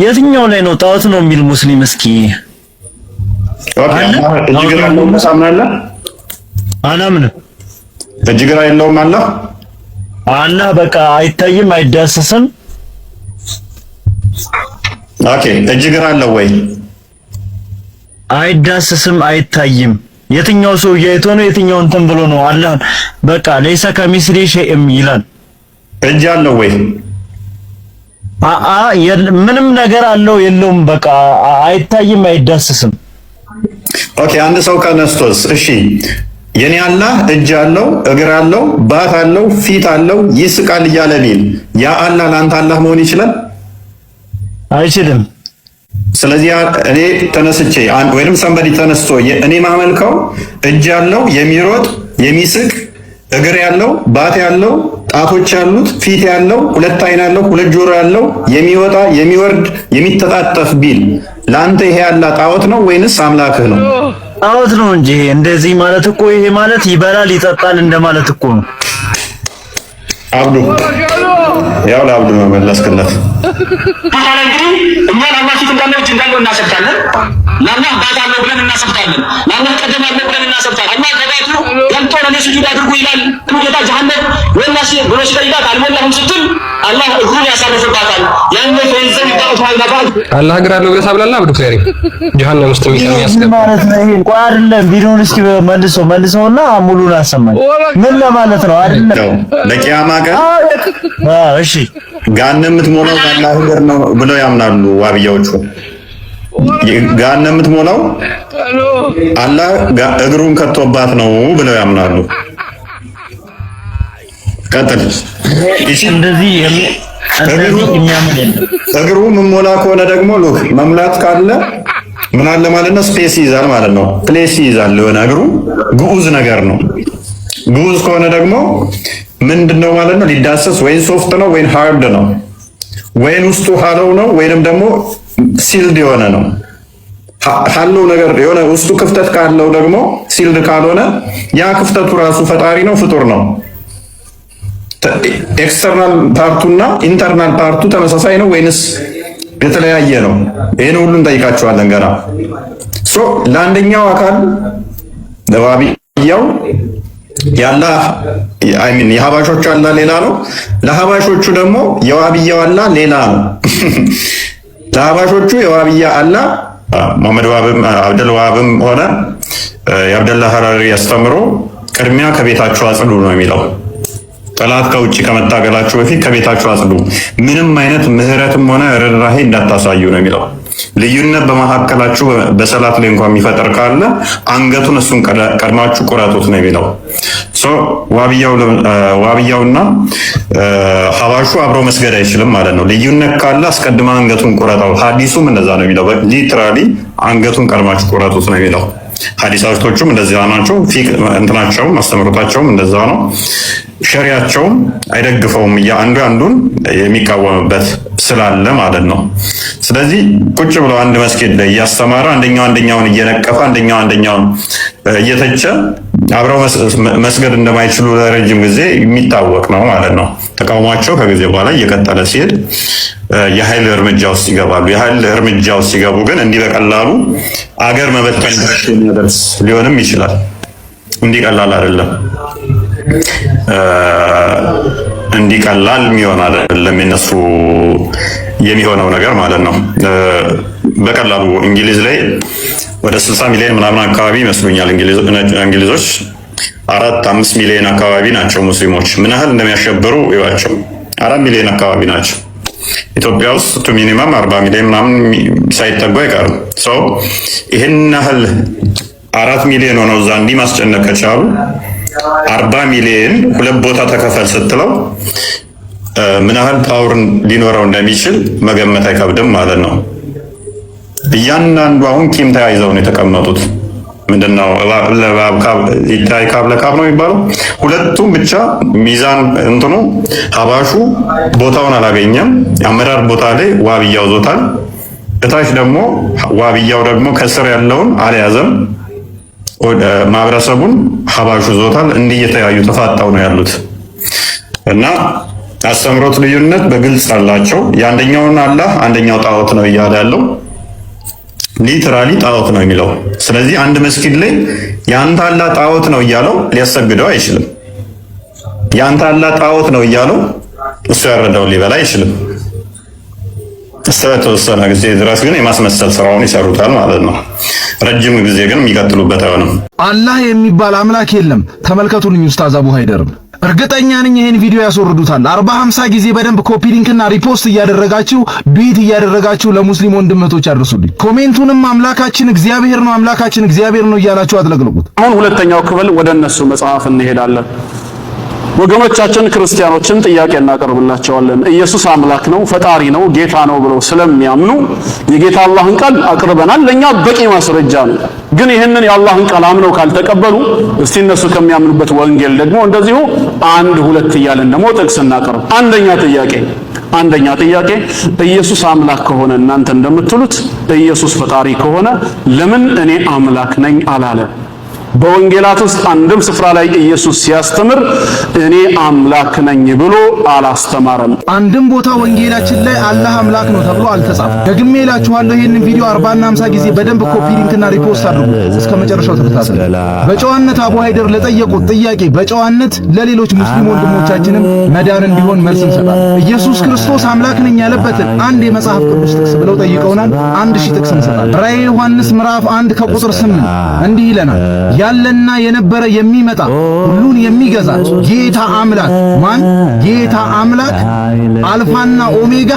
የትኛው ላይ ነው ጣዖት ነው የሚል ሙስሊም? እስኪ አናምንም። እጅ ግራ የለውም አለ በቃ አይታይም፣ አይዳሰስም። ኦኬ እጅ ግራ አለው ወይ? አይዳሰስም፣ አይታይም። የትኛው ሰውዬ አይቶ ነው የትኛው እንትን ብሎ ነው? አላህ በቃ ለይሰ ከሚስሊ ሸይም ይላል። እጅ አለው ወይ? ምንም ነገር አለው የለውም፣ በቃ አይታይም፣ አይዳስስም። ኦኬ አንድ ሰው ከነስቶስ እሺ የኔ አላህ እጅ አለው እግር አለው ባት አለው ፊት አለው ይስቃል እያለ ቢል ያ አላህ ለአንተ አላህ መሆን ይችላል? አይችልም። ስለዚህ እኔ ተነስቼ ወይንም ሰንበዲ ተነስቶ እኔ ማመልከው እጅ ያለው የሚሮጥ የሚስቅ እግር ያለው ባት ያለው ጣቶች ያሉት ፊት ያለው ሁለት አይን ያለው ሁለት ጆሮ ያለው የሚወጣ የሚወርድ የሚተጣጠፍ ቢል ለአንተ ይሄ ያላ ጣዖት ነው ወይንስ አምላክህ ነው? ጣዖት ነው እንጂ እንደዚህ ማለት እኮ ይሄ ማለት ይበላል ይጠጣል እንደማለት እኮ ነው። አብዱ ያው ለአብዱ መመለስክለት። እንግዲህ እኛ ለአላህ ፊት እንዳለ እጅ እንዳለው ለአላህ አለው ብለን እናሰብታለን። ለአላህ ቀደም ብለን ስጁድ አድርጉ ይላል። ጌታ ጀሃነም ወላሽ ብሎ ሲጠይቃት ስትል አላህ እግሩን አላህ እግር አለው ብለህ አብዱ ክሪ ጀሃነም ውስጥ የሚቀም ያስገባ ማለት ነው። ይሄን ቆይ አይደለም ቪዲዮውን እስኪ መልሶ መልሶና ሙሉን አሰማኝ ምን ለማለት ነው አይደለም ለቂያማ ሀገር እሺ ጋነም የምትሞላው ያለ ሀገር ነው ብለው ያምናሉ ዋብያዎቹ። ጋን የምትሞላው አላህ እግሩን ከቶባት ነው ብለው ያምናሉ። ቀጥል። እንደዚህ እግሩ የምሞላ ከሆነ ደግሞ ሉክ መምላት ካለ ምን አለ ማለት ነው? ስፔስ ይይዛል ማለት ነው። ፕሌስ ይይዛል። የሆነ እግሩ ግዑዝ ነገር ነው። ግዑዝ ከሆነ ደግሞ ምንድን ነው ማለት ነው? ሊዳሰስ ወይም ሶፍት ነው ወይን ሃርድ ነው ወይም ውስጡ ሀለው ነው ወይንም ደግሞ ሲልድ የሆነ ነው። ካለው ነገር የሆነ ውስጡ ክፍተት ካለው ደግሞ ሲልድ ካልሆነ ያ ክፍተቱ ራሱ ፈጣሪ ነው ፍጡር ነው። ኤክስተርናል ፓርቱና ኢንተርናል ፓርቱ ተመሳሳይ ነው ወይንስ የተለያየ ነው? ይህን ሁሉ እንጠይቃቸዋለን ገና። ለአንደኛው አካል ለዋቢያው ያላ አይሚን የሀባሾቹ አላ ሌላ ነው። ለሀባሾቹ ደግሞ የዋብያው አላ ሌላ ነው። ለሀባሾቹ የዋብያ አላ መሐመድ ዋብም ዋብም ሆነ የአብደላ ሀራሪ አስተምሮ ቅድሚያ ከቤታችሁ አጽዱ ነው የሚለው። ጠላት ከውጭ ከመታገላችሁ በፊት ከቤታችሁ አጽዱ፣ ምንም አይነት ምህረትም ሆነ ርኅራሄ እንዳታሳዩ ነው የሚለው። ልዩነት በመካከላችሁ በሰላት ላይ እንኳን የሚፈጠር ካለ አንገቱን እሱን ቀድማችሁ ቁረጡት ነው የሚለው። ዋብያውና ሀባሹ አብሮ መስገድ አይችልም ማለት ነው። ልዩነት ካለ አስቀድማ አንገቱን ቁረጠው። ሀዲሱም እነዛ ነው የሚለው። ሊትራሊ አንገቱን ቀድማችሁ ቁረጡት ነው የሚለው። ሀዲሳቶቹም እንደዚያ ናቸው። ፊቅ እንትናቸውም አስተምሮታቸውም እንደዛ ነው። ሸሪያቸውም አይደግፈውም። አንዱ አንዱን የሚቃወምበት ስላለ ማለት ነው። ስለዚህ ቁጭ ብለው አንድ መስጊድ ላይ እያስተማረ አንደኛው አንደኛውን እየነቀፈ አንደኛው አንደኛውን እየተቸ አብረው መስገድ እንደማይችሉ ለረጅም ጊዜ የሚታወቅ ነው ማለት ነው። ተቃውሟቸው ከጊዜ በኋላ እየቀጠለ ሲሄድ የኃይል እርምጃ ውስጥ ይገባሉ። የኃይል እርምጃ ውስጥ ሲገቡ ግን እንዲህ በቀላሉ አገር መበተን የሚያደርስ ሊሆንም ይችላል። እንዲህ ቀላል አይደለም። እንዲቀላል የሚሆን አይደለም የነሱ የሚሆነው ነገር ማለት ነው። በቀላሉ እንግሊዝ ላይ ወደ 60 ሚሊዮን ምናምን አካባቢ ይመስሉኛል እንግሊዞች አራት አምስት ሚሊዮን አካባቢ ናቸው ሙስሊሞች። ምን ያህል እንደሚያሸብሩ ይዋቸው። አራት ሚሊዮን አካባቢ ናቸው። ኢትዮጵያ ውስጥ ቱ ሚኒመም አርባ ሚሊዮን ምናምን ሳይጠጉ አይቀርም። ሰው ይህን ያህል አራት ሚሊዮን ሆነው እዛ እንዲህ ማስጨነቅ ከቻሉ አርባ ሚሊዮን ሁለት ቦታ ተከፈል ስትለው ምን ያህል ፓወር ሊኖረው እንደሚችል መገመት አይከብድም ማለት ነው። እያንዳንዱ አሁን ቲም ተያይዘው ነው የተቀመጡት። ምንድነው ይታይ ካብ ለካብ ነው የሚባለው። ሁለቱም ብቻ ሚዛን እንትኑ ሀባሹ ቦታውን አላገኘም። አመራር ቦታ ላይ ዋብያው ዞታል። እታች ደግሞ ዋብያው ደግሞ ከስር ያለውን አልያዘም ማህበረሰቡን ሀባሹ ይዞታል። እንዲህ እየተያዩ ተፋጣው ነው ያሉት እና አስተምሮት ልዩነት በግልጽ አላቸው። የአንደኛውን አላህ አንደኛው ጣዖት ነው እያለ ያለው ሊትራሊ ጣዖት ነው የሚለው። ስለዚህ አንድ መስጊድ ላይ የአንተ አላህ ጣዖት ነው እያለው ሊያሰግደው አይችልም። የአንተ አላህ ጣዖት ነው እያለው እሱ ያረዳው ሊበላ አይችልም። ስለተወሰነ ጊዜ ድረስ ግን የማስመሰል ስራውን ይሰሩታል ማለት ነው። ረጅም ጊዜ ግን የሚቀጥሉበት አይሆንም። አላህ የሚባል አምላክ የለም። ተመልከቱልኝ ኡስታዝ አቡ ሀይደርም እርግጠኛ ነኝ ይህን ቪዲዮ ያስወርዱታል። አርባ ሀምሳ ጊዜ በደንብ ኮፒ ሊንክና ሪፖስት እያደረጋችሁ ቢት እያደረጋችሁ ለሙስሊም ወንድመቶች አድርሱልኝ። ኮሜንቱንም አምላካችን እግዚአብሔር ነው አምላካችን እግዚአብሔር ነው እያላችሁ አትለቅልቁት። አሁን ሁለተኛው ክፍል ወደ እነሱ መጽሐፍ እንሄዳለን። ወገኖቻችን ክርስቲያኖችን ጥያቄ እናቀርብላቸዋለን። ኢየሱስ አምላክ ነው፣ ፈጣሪ ነው፣ ጌታ ነው ብለው ስለሚያምኑ የጌታ አላህን ቃል አቅርበናል፣ ለኛ በቂ ማስረጃ ነው። ግን ይህንን የአላህን ቃል አምነው ካልተቀበሉ እስቲ እነሱ ከሚያምኑበት ወንጌል ደግሞ እንደዚሁ አንድ ሁለት እያለን ደግሞ ጥቅስ እናቀርብ። አንደኛ ጥያቄ አንደኛ ጥያቄ ኢየሱስ አምላክ ከሆነ እናንተ እንደምትሉት ኢየሱስ ፈጣሪ ከሆነ ለምን እኔ አምላክ ነኝ አላለም? በወንጌላት ውስጥ አንድም ስፍራ ላይ ኢየሱስ ሲያስተምር እኔ አምላክ ነኝ ብሎ አላስተማረም። አንድም ቦታ ወንጌላችን ላይ አላህ አምላክ ነው ተብሎ አልተጻፈም። ደግሜ እላችኋለሁ ይህንን ቪዲዮ 40 እና 50 ጊዜ በደንብ ኮፒ ሊንክና ሪፖስት አድርጉ። እስከ መጨረሻው ተከታተሉ። በጨዋነት አቡ ሃይደር ለጠየቁት ጥያቄ በጨዋነት ለሌሎች ሙስሊም ወንድሞቻችንም መዳን እንዲሆን መልስ እንሰጣለን። ኢየሱስ ክርስቶስ አምላክ ነኝ ያለበትን አንድ የመጽሐፍ ቅዱስ ጥቅስ ብለው ጠይቀውናል። አንድ ሺህ ጥቅስ እንሰጣለን። ራእየ ዮሐንስ ምዕራፍ አንድ ከቁጥር 8 እንዲህ ይለናል ያለና የነበረ የሚመጣ ሁሉን የሚገዛ ጌታ አምላክ ማን? ጌታ አምላክ አልፋና ኦሜጋ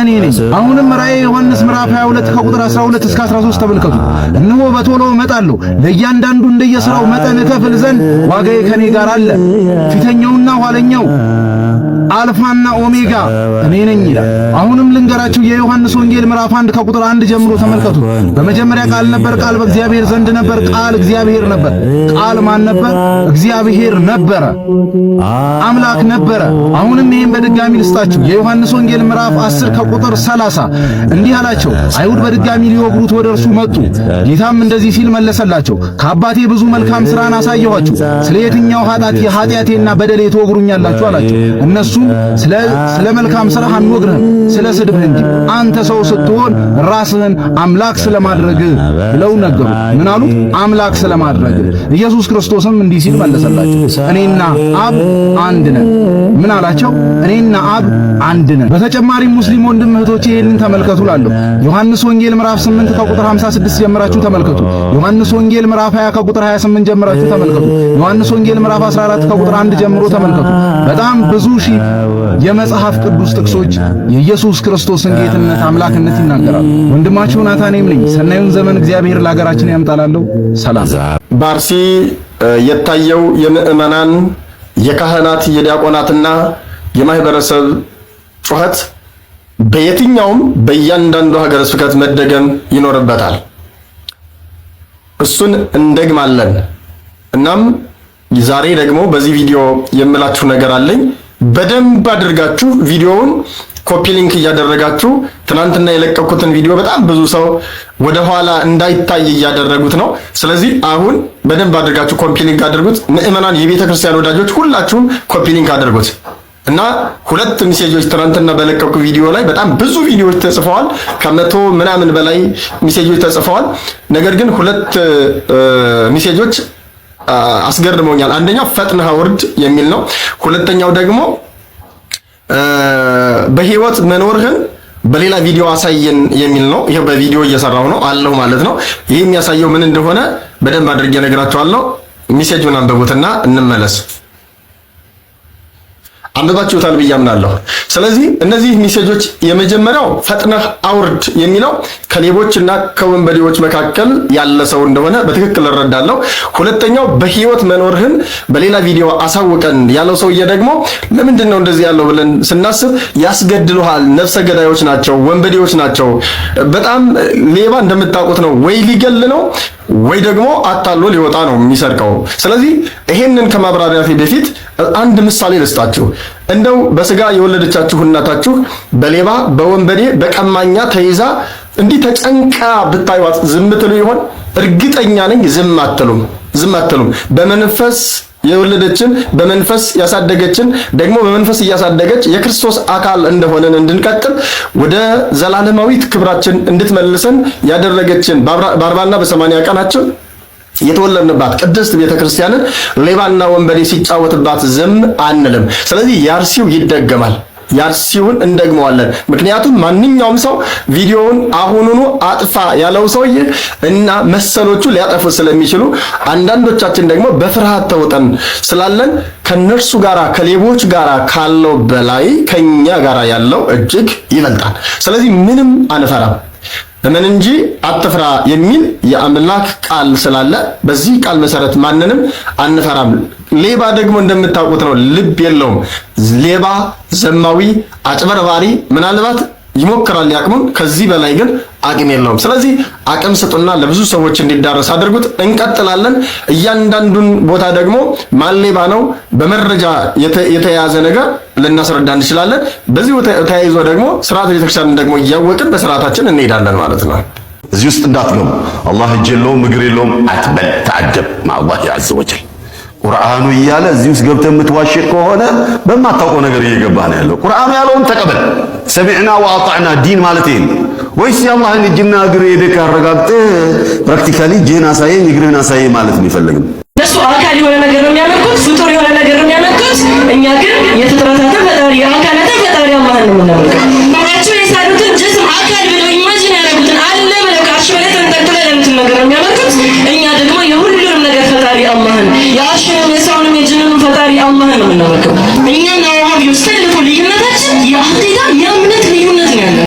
እኔ ነኝ። አሁንም ራእየ ዮሐንስ ምዕራፍ 22 ከቁጥር 12 እስከ 13 ተመልከቱ። እነሆ በቶሎ እመጣለሁ፣ ለእያንዳንዱ እንደየሥራው መጠን እከፍል ዘንድ ዋጋዬ ከኔ ጋር አለ፣ ፊተኛውና ኋለኛው አልፋና ኦሜጋ እኔ ነኝ ይላል። አሁንም ልንገራችሁ የዮሐንስ ወንጌል ምዕራፍ አንድ ከቁጥር አንድ ጀምሮ ተመልከቱ። በመጀመሪያ ቃል ነበር፣ ቃል በእግዚአብሔር ዘንድ ነበር፣ ቃል እግዚአብሔር ነበር። ቃል ማን ነበር? እግዚአብሔር ነበረ፣ አምላክ ነበረ። አሁንም ይህም በድጋሚ ልስጣችሁ። የዮሐንስ ወንጌል ምዕራፍ 10 ከቁጥር 30 እንዲህ አላቸው፣ አይሁድ በድጋሚ ሊወግሩት ወደ እርሱ መጡ። ጌታም እንደዚህ ሲል መለሰላቸው፣ ከአባቴ ብዙ መልካም ሥራን አሳየኋችሁ፣ ስለ የትኛው ኃጢአት በደሌ ትወግሩኛላችሁ አላቸው። እነሱ ስለ መልካም ስራህ አንወግርህም፣ ስለ ስድብህ እንጂ አንተ ሰው ስትሆን ራስህን አምላክ ስለማድረግ ብለው ነገሩ። ምን አሉ? አምላክ ስለማድረግ። ኢየሱስ ክርስቶስም እንዲህ ሲል መለሰላቸው፣ እኔና አብ አንድ ነን። ምን አላቸው? እኔና አብ አንድ ነን። በተጨማሪም ሙስሊም ወንድም እህቶቼ ይህንን ተመልከቱ ላለሁ ዮሐንስ ወንጌል ምዕራፍ 8 ከቁጥር 56 ጀምራችሁ ተመልከቱ። ዮሐንስ ወንጌል ምዕራፍ 20 ከቁጥር 28 ጀምራችሁ ተመልከቱ። ዮሐንስ ወንጌል ምዕራፍ 14 ከቁጥር 1 ጀምሮ ተመልከቱ። በጣም ብዙ ሺህ የመጽሐፍ ቅዱስ ጥቅሶች የኢየሱስ ክርስቶስን ጌትነት፣ አምላክነት ይናገራሉ። ወንድማችሁ ናታኔም ነኝ። ሰናዩን ዘመን እግዚአብሔር ለሀገራችን ያምጣላለሁ። ሰላም። በአርሲ የታየው የምዕመናን የካህናት የዲያቆናትና የማህበረሰብ ጩኸት በየትኛውም በእያንዳንዱ ሀገረ ስብከት መደገም ይኖርበታል። እሱን እንደግማለን። እናም ዛሬ ደግሞ በዚህ ቪዲዮ የምላችሁ ነገር አለኝ። በደንብ አድርጋችሁ ቪዲዮውን ኮፒ ሊንክ እያደረጋችሁ ትናንትና የለቀኩትን ቪዲዮ በጣም ብዙ ሰው ወደኋላ እንዳይታይ እያደረጉት ነው። ስለዚህ አሁን በደንብ አድርጋችሁ ኮፒ ሊንክ አድርጉት። ምእመናን፣ የቤተ ክርስቲያን ወዳጆች ሁላችሁም ኮፒ ሊንክ አድርጉት እና ሁለት ሚሴጆች ትናንትና በለቀቁ ቪዲዮ ላይ በጣም ብዙ ቪዲዮዎች ተጽፈዋል። ከመቶ ምናምን በላይ ሚሴጆች ተጽፈዋል። ነገር ግን ሁለት ሚሴጆች አስገርመውኛል። አንደኛው ፈጥነህ አውርድ የሚል ነው። ሁለተኛው ደግሞ በህይወት መኖርህን በሌላ ቪዲዮ አሳየን የሚል ነው። ይሄ በቪዲዮ እየሰራሁ ነው አለሁ ማለት ነው። ይህ የሚያሳየው ምን እንደሆነ በደንብ አድርጌ ነግራችኋለሁ። ሚሴጁን አንብቡትና እንመለስ። አንብባችሁታል ብዬ አምናለሁ። ስለዚህ እነዚህ ሜሴጆች የመጀመሪያው ፈጥነህ አውርድ የሚለው ከሌቦችና ከወንበዴዎች መካከል ያለ ሰው እንደሆነ በትክክል እረዳለሁ። ሁለተኛው በህይወት መኖርህን በሌላ ቪዲዮ አሳውቀን ያለው ሰውዬ ደግሞ ለምንድን ነው እንደዚህ ያለው ብለን ስናስብ ያስገድሉሃል፣ ነፍሰ ገዳዮች ናቸው፣ ወንበዴዎች ናቸው። በጣም ሌባ እንደምታውቁት ነው፣ ወይ ሊገል ነው ወይ ደግሞ አታሎ ሊወጣ ነው የሚሰርቀው። ስለዚህ ይሄንን ከማብራሪያቴ በፊት አንድ ምሳሌ ልስጣችሁ። እንደው በስጋ የወለደቻችሁ እናታችሁ በሌባ በወንበዴ በቀማኛ ተይዛ እንዲህ ተጨንቃ ብታዩት ዝም ትሉ ይሆን? እርግጠኛ ነኝ ዝም አትሉም። ዝም አትሉም። በመንፈስ የወለደችን በመንፈስ ያሳደገችን ደግሞ በመንፈስ እያሳደገች የክርስቶስ አካል እንደሆነን እንድንቀጥል ወደ ዘላለማዊት ክብራችን እንድትመልሰን ያደረገችን በአርባና በሰማንያ ቀናችን የተወለድንባት ቅድስት ቤተክርስቲያንን ሌባና ወንበዴ ሲጫወትባት ዝም አንልም። ስለዚህ ያርሲው ይደገማል። ያርሲውን እንደግመዋለን። ምክንያቱም ማንኛውም ሰው ቪዲዮውን አሁኑኑ አጥፋ ያለው ሰውዬ እና መሰሎቹ ሊያጠፉ ስለሚችሉ አንዳንዶቻችን ደግሞ በፍርሃት ተውጠን ስላለን ከነርሱ ጋራ ከሌቦች ጋራ ካለው በላይ ከኛ ጋራ ያለው እጅግ ይበልጣል። ስለዚህ ምንም አንፈራም። እመን እንጂ አትፍራ የሚል የአምላክ ቃል ስላለ በዚህ ቃል መሰረት ማንንም አንፈራም። ሌባ ደግሞ እንደምታውቁት ነው፣ ልብ የለውም ሌባ፣ ዘማዊ፣ አጭበርባሪ ምናልባት ይሞክራል ያቅሙን። ከዚህ በላይ ግን አቅም የለውም። ስለዚህ አቅም ስጡና ለብዙ ሰዎች እንዲዳረስ አድርጉት። እንቀጥላለን። እያንዳንዱን ቦታ ደግሞ ማሌባ ነው በመረጃ የተያያዘ ነገር ልናስረዳ እንችላለን። በዚህ ተያይዞ ደግሞ ስርዓት ቤተክርስቲያንን ደግሞ እያወቅን በስርዓታችን እንሄዳለን ማለት ነው። እዚህ ውስጥ እንዳትገቡ። አላህ እጅ የለውም እግር የለውም አትበል። ተአደብ ማአላህ ዐዘወጀል ቁርአኑ እያለ እዚህ ውስጥ ገብተህ የምትዋሽቅ ከሆነ በማታውቀው ነገር እየገባ ነው ያለው። ቁርአኑ ያለውን ተቀበል። ሰሚዕና ወአጣዕና ዲን ማለት ይሄ ወይስ የአላህን እጅና እግር ሄደህ አረጋግጠህ ፕራክቲካሊ እጅህን አሳየኝ እግርህን አሳየኝ ማለት ነው ይፈልግም እነሱ አካል የሆነ ነገር ነው Ano naman mga to. Tingnan na